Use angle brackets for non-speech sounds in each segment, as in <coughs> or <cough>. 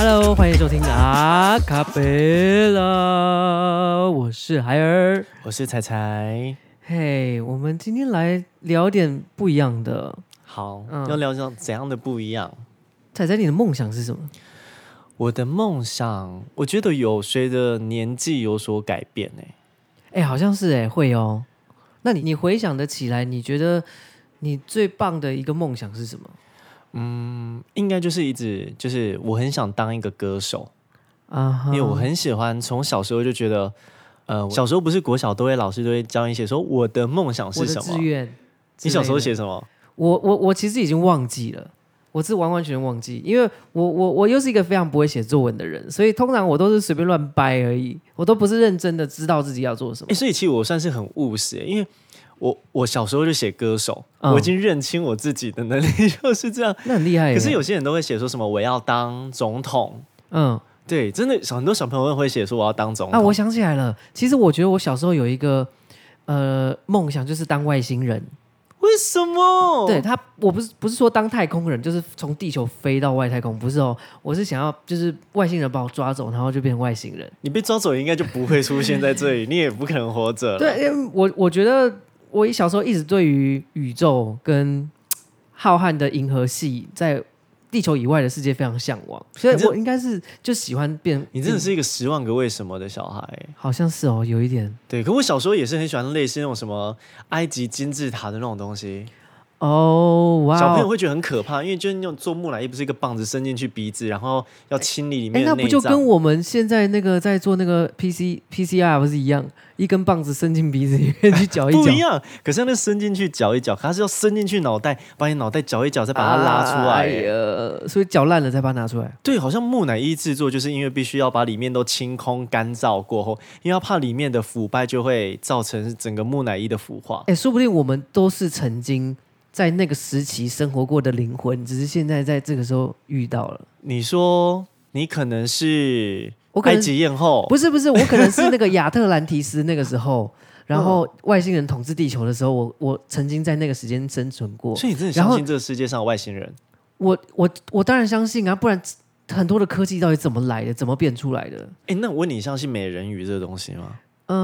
Hello，歡迎收聽阿卡貝拉。我是孩兒。我是彩彩。嘿，hey, 我們今天來聊點不一樣的。好，嗯、要聊一下怎樣的不一樣？彩彩，你的夢想是什麼？我的夢想，我覺得有隨着年紀有所改變，欸。哎，哎，好像是哎，欸，會哦。那你你回想得起來？你覺得你最棒的一個夢想是什麼？嗯，應該就是一直就是我很想當一個歌手，uh huh. 因為我很喜歡，從小時候就覺得，呃，小時候不是國小都會老師都會教你寫說我的夢想是什麼，志願。自願。你小時候寫什麼？我我我其實已經忘記了，我是完完全全忘記，因為我我我又是一個非常不會寫作文的人，所以通常我都是隨便亂掰而已，我都不是認真的知道自己要做什麼。欸，所以其實我算是很務實欸，因為。我我小時候就寫歌手，嗯、我已經認清我自己的能力就是這樣。那很厲害。可是有些人都會寫說什麼我要當總統，嗯，對，真的很多小朋友會寫說我要當總統。那、啊、我想起來了，其實我覺得我小時候有一個呃夢想就是當外星人，為什麼？對，他，我不是不是說當太空人，就是從地球飛到外太空，不是哦，我是想要就是外星人把我抓走，然後就變成外星人。你被抓走應該就不會出現在這裡， <laughs> 你也不可能活着。對，我我覺得。我一，小時候一直對於宇宙跟浩瀚的銀河系，在地球以外的世界非常向往，所以我應該是就喜歡變。你這，變，你真的是一個十萬個為什麼的小孩，好像是哦，有一點對。可我小時候也是很喜歡類似那種什麼埃及金字塔的那種東西。哦，哇！Oh, wow. 小朋友會覺得很可怕，因為就是那種做木乃伊，不是一個棒子伸進去鼻子，然後要清理裡面的、哎哎。那不就跟我們現在那個在做那個 PC、PCR 不是一樣？一根棒子伸進鼻子裡面去攪一攪， <laughs> 不一樣。可是那伸進去攪一攪，可是它是要伸進去腦袋，把你腦袋攪一攪，再把它拉出來、哎呃。所以攪爛了再把它拿出來。對，好像木乃伊製作，就是因為必須要把裡面都清空、乾燥過後，因為要怕裡面的腐敗就會造成整個木乃伊的腐化。哎，說不定我們都是曾經。在那個時期生活過的靈魂，只是現在在這個時候遇到了。你說你可能是埃及艷後？不是不是，我可能是那個亞特蘭提斯那個時候， <laughs> 然後外星人統治地球的時候，我我曾經在那個時間生存過。所以你真的相信然後這個世界上的外星人？我我我當然相信啊，不然很多的科技到底怎麼來的，怎麼變出來的？哎，那我問你，相信美人魚這個東西嗎？嗯、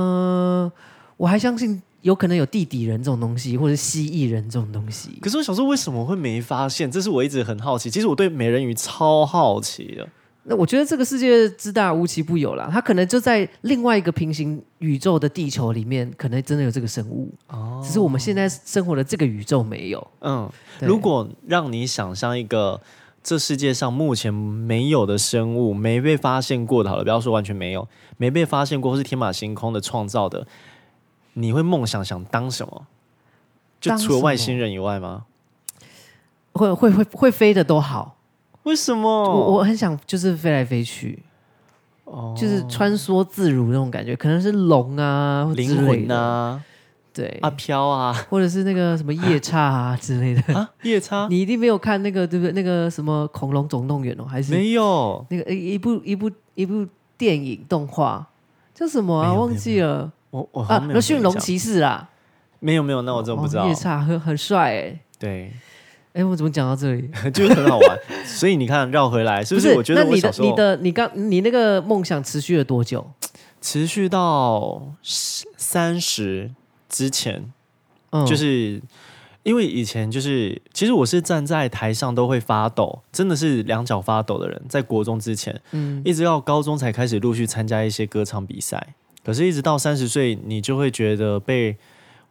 呃。我還相信有可能有地底人這種東西，或者蜥蜴人這種東西。可是我想說，為什麼會沒發現？這是我一直很好奇。其實我對美人魚超好奇的。那我覺得這個世界之大，無奇不有啦，它可能就在另外一個平行宇宙的地球裡面，可能真的有這個生物。哦，只是我們現在生活的這個宇宙沒有。嗯，對如果讓你想象一個這世界上目前沒有的生物，沒被發現過的好了，不要說完全沒有，沒被發現過，或是天馬行空的創造的。你會夢想想當什麼？就除了外星人以外嗎？會會會會飛的都好。為什麼？我我很想就是飛來飛去，oh. 就是穿梭自如那種感覺。可能是龍啊，靈魂啊，對啊，阿飄啊，或者是那個什麼夜叉啊之類的啊。夜叉， <laughs> 你一定沒有看那個對不對？那個什麼恐龍總動員哦，還是沒有那個一部有一部一部，一部電影動畫叫什麼啊？忘記了。我我好啊，馴龍騎士啦，沒有沒有，那我真不知道。哦、夜叉很很帥哎、欸，對，哎、欸，我怎麼講到這裡， <laughs> 就是很好玩。所以你看，繞回來，是不是？不是我覺得我小時候，你的你剛你，你那個夢想持續了多久？持續到三十之前，就是、嗯，就是因為以前就是，其實我是站在台上都會發抖，真的是兩腳發抖的人，在國中之前，嗯，一直到高中才開始陸續參加一些歌唱比賽。可是，一直到三十歲，你就會覺得被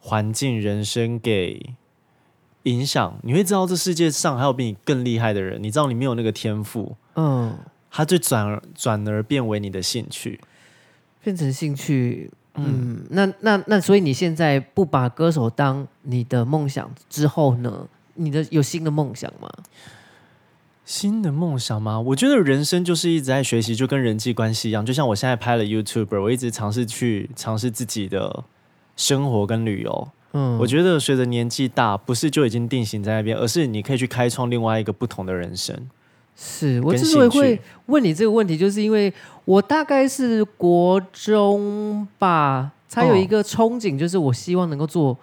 環境、人生給影響。你會知道這世界上還有比你更厲害的人，你知道你沒有那個天賦，嗯，他就轉而轉而變為你的興趣，變成興趣。嗯，那那、嗯、那，那那所以你現在不把歌手當你的夢想之後呢？你的有新的夢想嗎？新的夢想嗎？我覺得人生就是一直在學習，就跟人際關係一樣。就像我現在拍了 YouTube，我一直嘗試去嘗試自己的生活跟旅遊。嗯，我覺得隨着年紀大，不是就已經定型在那邊，而是你可以去開創另外一個不同的人生。是，我之所以會會問你這個問題，就是因為我大概是國中吧，才有一個憧憬，就是我希望能夠做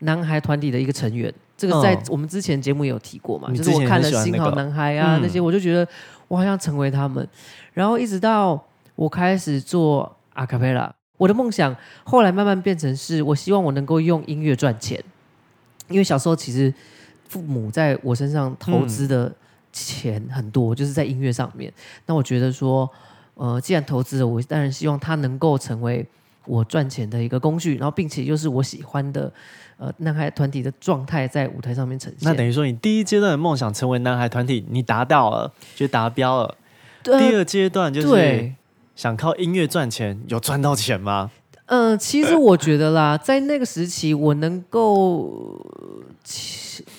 男孩團體的一個成員。這個在我們之前節目也有提過嘛，嗯、就是我看了《新好男孩》啊，那個嗯，那些，我就覺得我好像成為他們。然後一直到我開始做阿卡貝拉，我的夢想後來慢慢變成是我希望我能夠用音樂賺錢。因為小時候其實父母在我身上投資的錢很多，嗯，就是在音樂上面。那我覺得說，呃，既然投資了，我當然希望他能夠成為。我賺錢的一個工具，然後並且又是我喜歡的，呃，男孩團體的狀態在舞台上面呈現。那等於說，你第一階段的夢想成為男孩團體，你達到了，就達標了。呃、第二階段就是對想靠音樂賺錢，有賺到錢嗎？嗯、呃，其實我覺得啦， <coughs> 在那個時期，我能夠。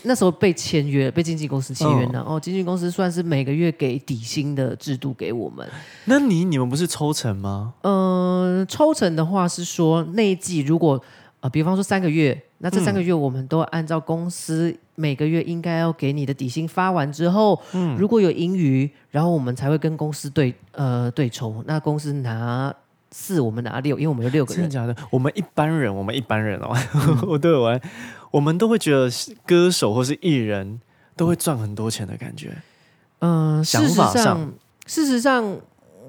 那時候被簽約，被經紀公司簽約了。哦，哦，經紀公司算是每個月給底薪的制度給我們。那你你們不是抽成嗎？嗯、呃，抽成的話是說，那一季如果呃，比方說三個月，那這三個月我們都按照公司每個月應該要給你的底薪發完之後，嗯、如果有盈餘，然後我們才會跟公司對呃對抽，那公司拿。四，我們拿六，因為我們有六個人。真的假的？我們一般人，我們一般人哦，我都有玩。我們都會覺得歌手或是藝人，都會賺很多錢的感覺。嗯，呃、想法上，事實上，事實上，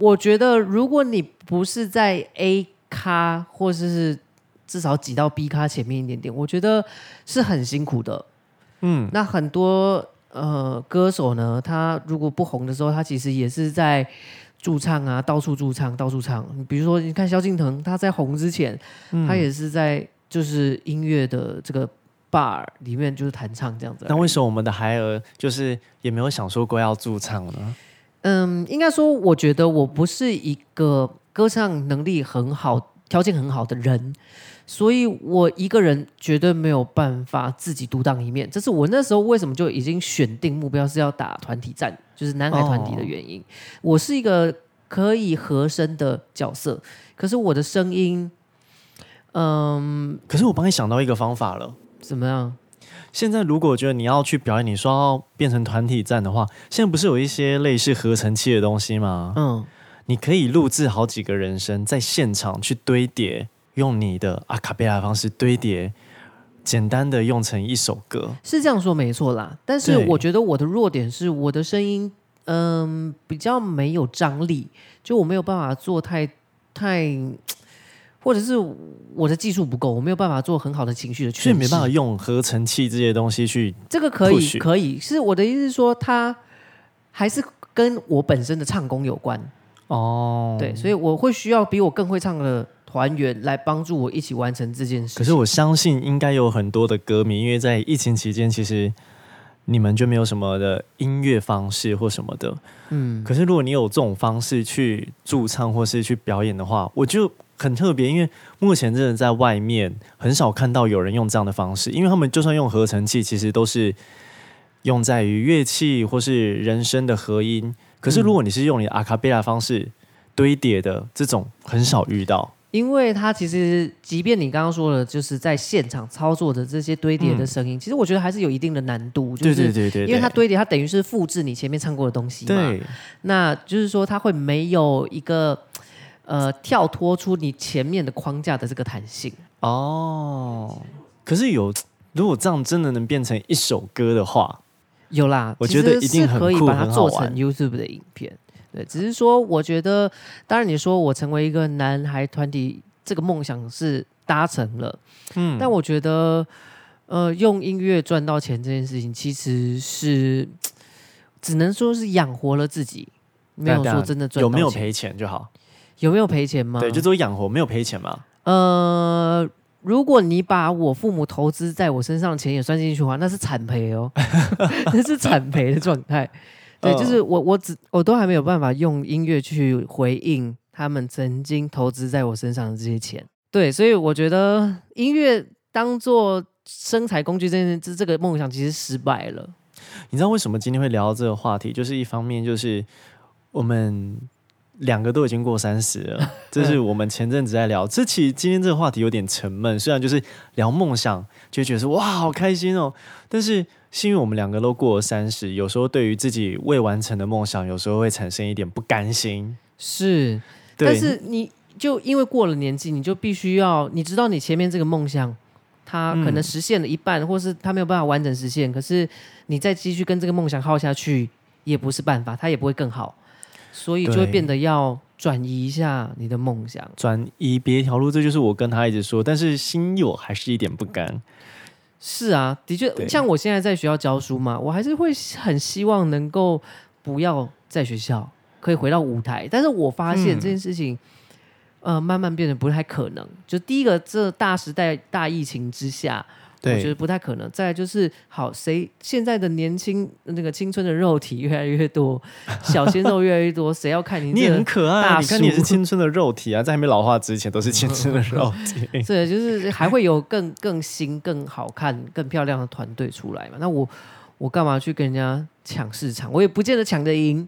我覺得如果你不是在 A 咖，或者是至少擠到 B 咖前面一點點，我覺得是很辛苦的。嗯，那很多呃歌手呢，他如果不紅的時候，他其實也是在。駐唱啊，到處駐唱，到處唱。比如說，你看蕭敬騰，他在紅之前，嗯、他也是在就是音樂的這個 bar 裡面就是彈唱這樣子。那為什麼我們的孩兒就是也沒有想說過要駐唱呢？嗯，應該說，我覺得我不是一個歌唱能力很好。條件很好的人，所以我一個人絕對沒有辦法自己獨當一面。這是我那時候為什麼就已經選定目標是要打團體戰，就是男孩團體的原因。哦、我是一個可以和聲的角色，可是我的聲音，嗯，可是我幫你想到一個方法了。怎麼樣？現在如果覺得你要去表演，你說要變成團體戰的話，現在不是有一些類似合成器的東西嗎？嗯。你可以錄製好幾個人聲，在現場去堆疊，用你的阿卡貝拉的方式堆疊，簡單的用成一首歌，是這樣說沒錯啦。但是我覺得我的弱點是我的聲音，對嗯，比較沒有張力，就我沒有辦法做太太，或者是我的技術不夠，我沒有辦法做很好的情緒的，所以沒辦法用合成器這些東西去。這個可以，可以，是我的意思是說，它還是跟我本身的唱功有關。哦，oh, 對，所以我會需要比我更會唱的團員來幫助我一起完成這件事情。可是我相信應該有很多的歌迷，因為在疫情期間，其實你們就沒有什麼的音樂方式或什麼的。嗯，可是如果你有這種方式去駐唱或是去表演的話，我就很特別，因為目前真的在外面很少看到有人用這樣的方式，因為他們就算用合成器，其實都是用在於樂器或是人聲的合音。可是，如果你是用你阿卡貝拉方式堆疊的、嗯、這種，很少遇到。因為它其實，即便你剛剛說的，就是在現場操作的這些堆疊的聲音，嗯、其實我覺得還是有一定的難度。對對對對。就是因為它堆疊，它等於是複製你前面唱過的東西嘛。對，對，對，對。那就是說，它會沒有一個呃，跳脫出你前面的框架的這個彈性。哦。可是有，如果這樣真的能變成一首歌的話。有啦，其實是可以把它做成 YouTube 的影片。對，只是說，我覺得，當然你說我成為一個男孩團體，這個夢想是達成了。嗯，但我覺得，呃，用音樂賺到錢這件事情，其實是只能說是養活了自己，沒有說真的賺到錢。有沒有賠錢就好，有沒有賠錢嗎？對，就做養活，沒有賠錢嗎？呃。如果你把我父母投資在我身上的錢也算進去的話，那是慘賠哦， <laughs> 那是慘賠的狀態。對，就是我，我只，我都還沒有辦法用音樂去回應他們曾經投資在我身上的這些錢。對，所以我覺得音樂當做生財工具這，這這這個夢想其實失敗了。你知道為什麼今天會聊到這個話題？就是一方面，就是我們。兩個都已經過三十了，這是我們前陣子在聊。 <laughs> 這期，今天這個話題有點沉悶，雖然就是聊夢想，就覺得說哇好開心哦。但是，幸運我們兩個都過了三十，有時候對於自己未完成的夢想，有時候會產生一點不甘心。是，對但是你就因為過了年紀，你就必須要你知道你前面這個夢想，它可能實現了一半，嗯、或是它沒有辦法完整實現。可是你再繼續跟這個夢想耗下去，也不是辦法，它也不會更好。所以就會變得要轉移一下你的夢想，轉移別條路。這就是我跟他一直說，但是心有還是一點不甘。嗯、是啊，的確，對像我現在在學校教書嘛，我還是會很希望能夠不要在學校，可以回到舞台。但是我發現這件事情，嗯、呃，慢慢變得不太可能。就第一個，這大時代大疫情之下。我覺得不太可能。再來就是，好誰現在的年輕那個青春的肉體越來越多，小鮮肉越來越多，誰 <laughs> 要看你？你也很可愛啊，你看你是青春的肉體啊，在還沒老化之前都是青春的肉體。 <laughs> <laughs> 對，就是還會有更更新、更好看、更漂亮的團隊出來嘛？那我我干嘛去跟人家搶市場？我也不見得搶得贏。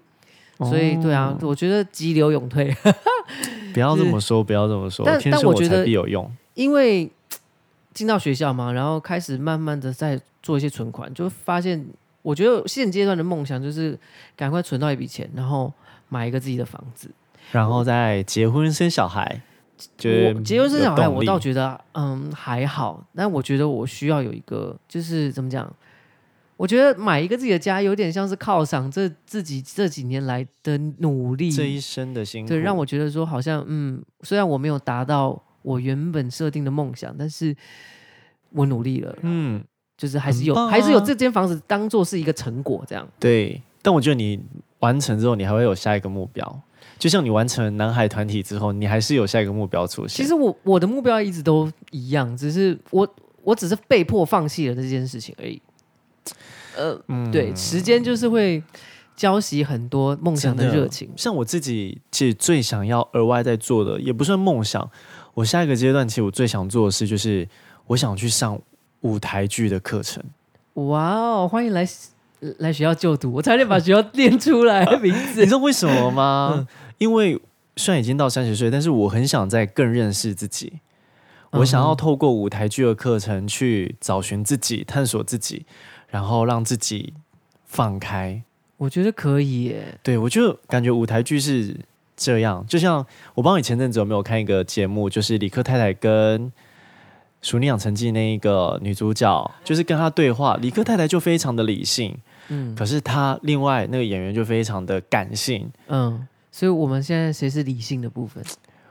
所以，對啊，我覺得急流勇退。 <laughs> 不要這麼說，不要這麼說。但但是天生我材必有用，因為。進到學校嘛，然後開始慢慢的在做一些存款，就發現我覺得現階段的夢想就是趕快存到一筆錢，然後買一個自己的房子，然後再結婚生小孩。就結婚生小孩，我倒覺得嗯還好，但我覺得我需要有一個就是怎麼講？我覺得買一個自己的家有點像是犒賞這自己這幾年來的努力，這一生的辛苦，對，讓我覺得說好像嗯，雖然我沒有達到。我原本設定的夢想，但是我努力了，嗯，就是還是有，啊、還是有這間房子當做是一個成果這樣。對，但我覺得你完成之後，你還會有下一個目標。就像你完成了男孩團體之後，你還是有下一個目標出現。其實我我的目標一直都一樣，只是我我只是被迫放棄了這件事情而已。呃，嗯、對，時間就是會澆熄很多夢想的熱情的。像我自己其實最想要額外在做的，也不算夢想。我下一個階段，其實我最想做的事，就是我想去上舞台劇的課程。哇哦，歡迎來來學校就讀！我差點把學校念出來名字。 <laughs> 你知道為什麼嗎？ <laughs> 因為雖然已經到三十歲，但是我很想再更認識自己。我想要透過舞台劇的課程去找尋自己、探索自己，然後讓自己放開。我覺得可以耶。對，我就感覺舞台劇是。這樣，就像我幫你前陣子有沒有看一個節目？就是理科太太跟《俗女養成記》那一個女主角，就是跟她對話，理科太太就非常的理性，嗯，可是她另外那個演員就非常的感性，嗯，所以我們現在誰是理性的部分？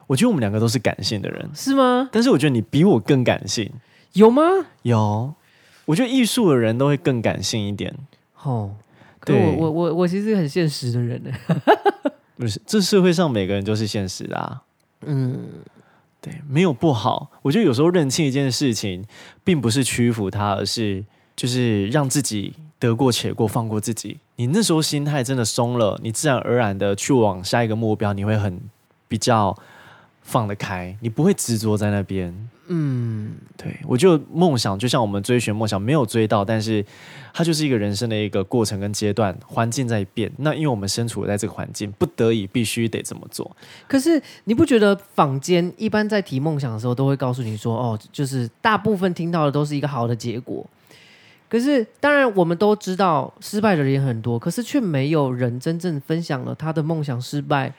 我覺得我們兩個都是感性的人，是嗎？但是我覺得你比我更感性，有嗎？有，我覺得藝術的人都會更感性一點。哦，我對，我我我其實是個很現實的人呢。 <laughs> 不是，這社會上每個人都是現實的啊。嗯，對，沒有不好。我覺得有時候認清一件事情，並不是屈服它，而是就是讓自己得過且過，放過自己。你那時候心態真的鬆了，你自然而然的去往下一個目標，你會很比較放得開，你不會執着在那邊。嗯，對，我就夢想就像我們追尋夢想，沒有追到，但是它就是一個人生的一個過程跟階段，環境在變，那因為我們身處在這個環境，不得已必須得這麼做。可是你不覺得坊間一般在提夢想的時候，都會告訴你說，哦，就是大部分聽到的都是一個好的結果。可是當然我們都知道失敗的人也很多，可是卻沒有人真正分享了他的夢想失敗。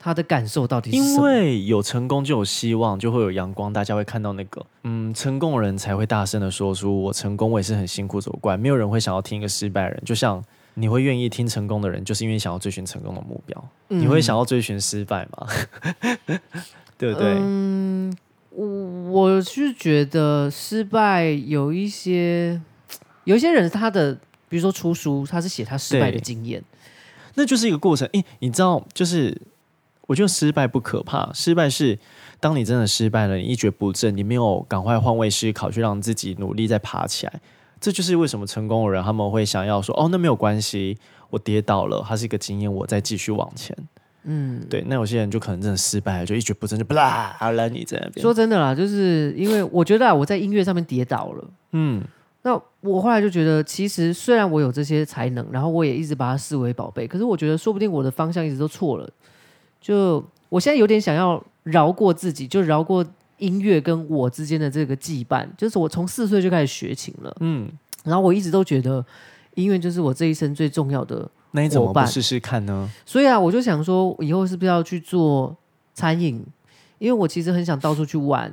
他的感受到底是什麼？因為有成功就有希望，就會有陽光，大家會看到那個，嗯，成功的人才會大聲的說出“我成功”，我也是很辛苦走過來。沒有人會想要聽一個失敗的人，就像你會願意聽成功的人，就是因為想要追尋成功的目標。嗯、你會想要追尋失敗嗎？ <laughs> 對不對？嗯，我我是覺得失敗有一些，有一些人他的，比如說出書，他是寫他失敗的經驗，那就是一個過程。哎，你知道，就是。我覺得失敗不可怕，失敗是當你真的失敗了，你一蹶不振，你沒有趕快換位思考，去讓自己努力再爬起來，這就是為什麼成功的人他們會想要說：“哦，那沒有關係，我跌倒了，它是一個經驗，我再繼續往前。”嗯，對。那有些人就可能真的失敗了，就一蹶不振，就不啦，好了，你在那邊說真的啦，就是因為我覺得啊 <laughs> 我在音樂上面跌倒了。嗯，那我後來就覺得，其實雖然我有這些才能，然後我也一直把它視為寶貝，可是我覺得說不定我的方向一直都錯了。就我現在有點想要饒過自己，就饒過音樂跟我之間的這個羈絆。就是我從四歲就開始學琴了，嗯，然後我一直都覺得音樂就是我這一生最重要的。那你怎麼不試試看呢？所以啊，我就想說，以後是不是要去做餐飲？因為我其實很想到處去玩。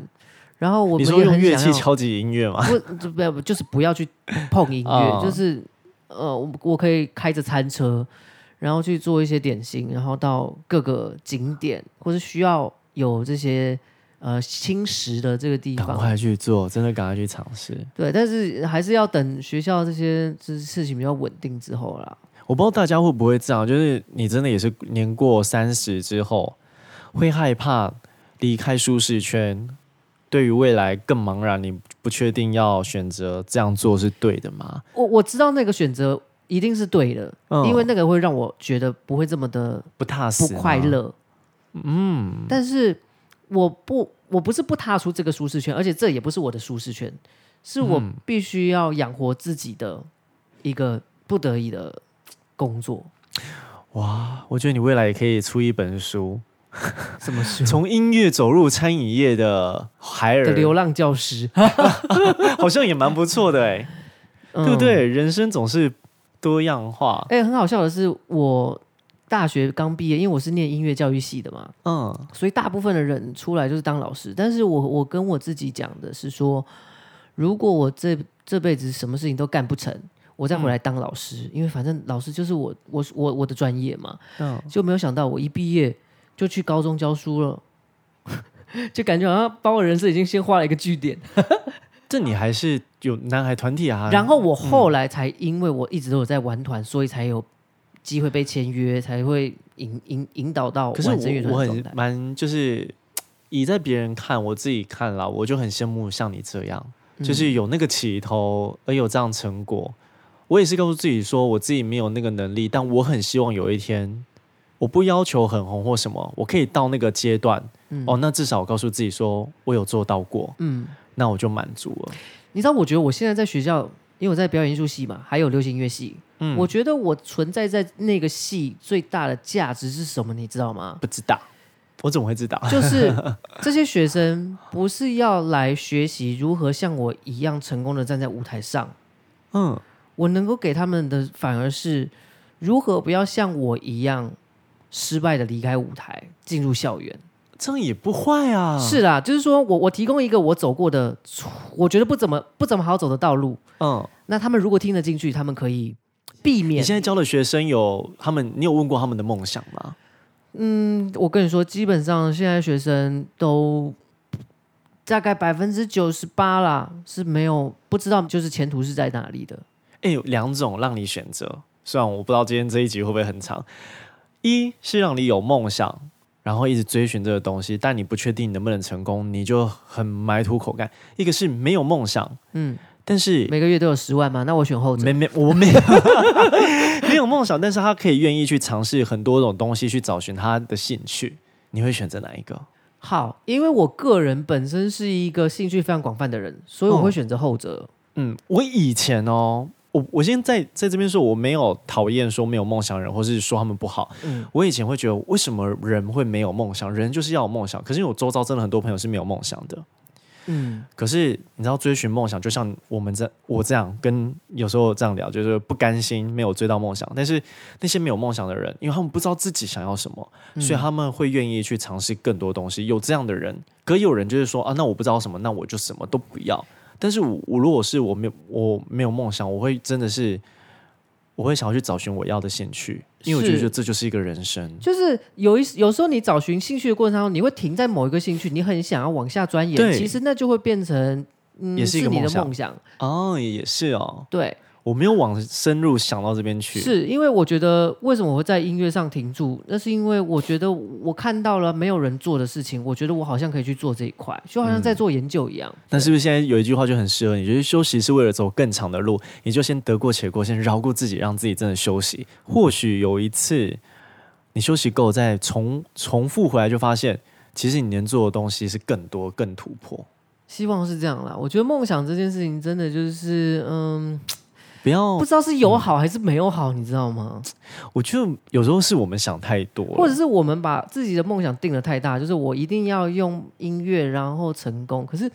然後我們你說用樂器敲擊音樂嘛，不，就是、不要，不就是不要去碰音樂，哦、就是呃，我我可以開着餐車。然後去做一些點心，然後到各個景點，或是需要有這些呃輕食的這個地方，趕快去做，真的趕快去嘗試。對，但是還是要等學校這些就是事情比較穩定之後啦。我不知道大家會不會這樣，就是你真的也是年過三十之後，會害怕離開舒適圈，對於未來更茫然，你不確定要選擇這樣做是對的嗎？我我知道那個選擇。一定是對的，嗯、因為那個會讓我覺得不會這麼的不，不踏實，不快樂。嗯，但是我不，我不是不踏出這個舒適圈，而且這也不是我的舒適圈，是我必須要養活自己的一個不得已的工作。嗯、哇，我覺得你未來也可以出一本書，什麼書？從 <laughs> 音樂走入餐飲業的海爾的流浪教師， <laughs> <laughs> 好像也蠻不錯的，欸，哎、嗯，對不對？人生總是。多樣化。哎、欸，很好笑的是，我大學剛畢業，因為我是念音樂教育系的嘛，嗯，所以大部分的人出來就是當老師。但是我我跟我自己講的是說，如果我這這輩子什麼事情都幹不成，我再回來當老師，嗯、因為反正老師就是我我我我的專業嘛，嗯，就沒有想到我一畢業就去高中教書了， <laughs> 就感覺好像把我人生已經先畫了一個句點。 <laughs> 這你還是。有男孩團體啊，然後我後來才，因為我一直都有在玩團，嗯、所以才有機會被簽約，才會引引引導到團。可是我我很蠻，就是以在別人看，我自己看了，我就很羨慕像你這樣，就是有那個起頭，而有這樣成果。嗯、我也是告訴自己說，我自己沒有那個能力，但我很希望有一天，我不要求很紅或什麼，我可以到那個階段，嗯、哦，那至少我告訴自己說我有做到過，嗯，那我就滿足了。你知道？我覺得我現在在學校，因為我在表演藝術系嘛，還有流行音樂系。嗯，我覺得我存在在那個系最大的價值是什麼？你知道嗎？不知道，我怎麼會知道？就是這些學生不是要來學習如何像我一樣成功的站在舞台上，嗯，我能夠給他們的反而是如何不要像我一樣失敗的離開舞台，進入校園。這樣也不壞啊！是啦，就是說我我提供一個我走過的，我覺得不怎麼不怎麼好走的道路，嗯，那他們如果聽得進去，他們可以避免。你現在教的學生有他們，你有問過他們的夢想嗎？嗯，我跟你說，基本上現在學生都大概百分之九十八啦是沒有不知道，就是前途是在哪裡的。哎，有兩種讓你選擇，雖然我不知道今天這一集會不會很長，一是讓你有夢想。然後一直追尋這個東西，但你不確定你能不能成功，你就很埋頭苦幹。一個是沒有夢想，嗯，但是每個月都有十萬嗎？那我選後者。沒沒，我沒有 <laughs> 沒有夢想，但是他可以願意去嘗試很多種東西，去找尋他的興趣。你會選擇哪一個？好，因為我個人本身是一個興趣非常廣泛的人，所以我會選擇後者。嗯，我以前哦。我我現在在在這邊說，我沒有討厭說沒有夢想的人，或是說他們不好。嗯，我以前會覺得為什麼人會沒有夢想？人就是要有夢想。可是因為我周遭真的很多朋友是沒有夢想的。嗯，可是你知道追尋夢想就像我們這我這樣、嗯、跟有時候這樣聊，就是不甘心沒有追到夢想。但是那些沒有夢想的人，因為他們不知道自己想要什麼，所以他們會願意去嘗試更多東西。有這樣的人，可有人就是說啊，那我不知道什麼，那我就什麼都不要。但是我，我如果是我沒有我沒有夢想，我會真的是我會想要去找尋我要的興趣，因為我覺得就是這就是一個人生。就是有一有時候你找尋興趣的過程當中，你會停在某一個興趣，你很想要往下鑽研，對其實那就會變成嗯，也是，一個是你的夢想哦，也是哦，對。我沒有往深入想到這邊去，是因為我覺得為什麼我會在音樂上停住？那是因為我覺得我看到了沒有人做的事情，我覺得我好像可以去做這一塊，就好像在做研究一樣。那、嗯、對是不是現在有一句話就很適合？你覺得休息是為了走更長的路，你就先得過且過，先饒過自己，讓自己真的休息。嗯、或許有一次你休息夠，再重重復回來，就發現其實你能做的東西是更多、更突破。希望是這樣啦。我覺得夢想這件事情真的就是嗯。不要不知道是有好還是沒有好，嗯、你知道嗎？我覺得有時候是我們想太多了，或者是我們把自己的夢想定得太大，就是我一定要用音樂然後成功。可是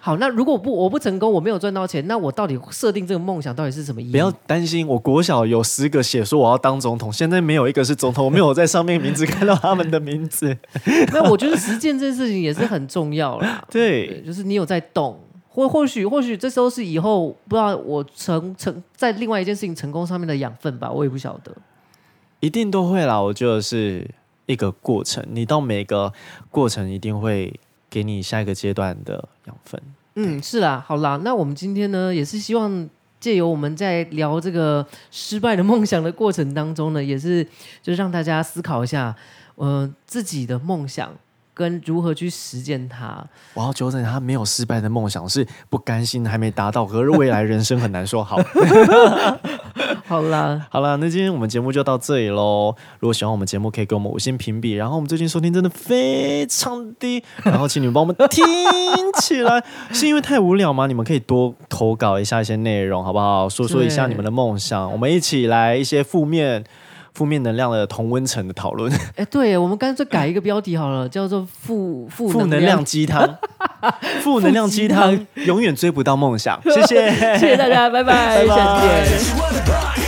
好，那如果我不我不成功，我沒有賺到錢，那我到底設定這個夢想到底是什麼意思？不要擔心，我國小有十個寫說我要當總統，現在沒有一個是總統，我沒有在上面名字看到他們的名字。 <laughs> <laughs> 那我覺得實踐這件事情也是很重要了，對，對，就是你有在動。或或許或許，或許這時候是以後，不知道我成成在另外一件事情成功上面的養分吧，我也不曉得。一定都會啦，我覺得是一個過程。你到每個過程，一定會給你下一個階段的養分。嗯，是啦，好啦，那我們今天呢，也是希望借由我們在聊這個失敗的夢想的過程當中呢，也是就是讓大家思考一下，嗯、呃，自己的夢想。跟如何去實踐它。我要糾正他，沒有失敗的夢想，是不甘心還沒達到，可是未來人生很難說好。 <laughs> <laughs> 好啦，好啦，那今天我們節目就到這裡嘍。如果喜歡我們節目，可以給我們五星評比。然後我們最近收聽真的非常低，然後請你們幫我們聽起來， <laughs> 是因為太無聊嗎？你們可以多投稿一下一些內容，好不好？說說一下你們的夢想，對我們一起來一些負面負面能量的同溫層的討論，哎，對，我們乾脆改一個標題好了，嗯、叫做負“負負能量雞湯”，負能量雞湯永遠追不到夢想， <laughs> 謝謝， <laughs> 謝謝大家， <laughs> 拜拜， <laughs> 下次面見。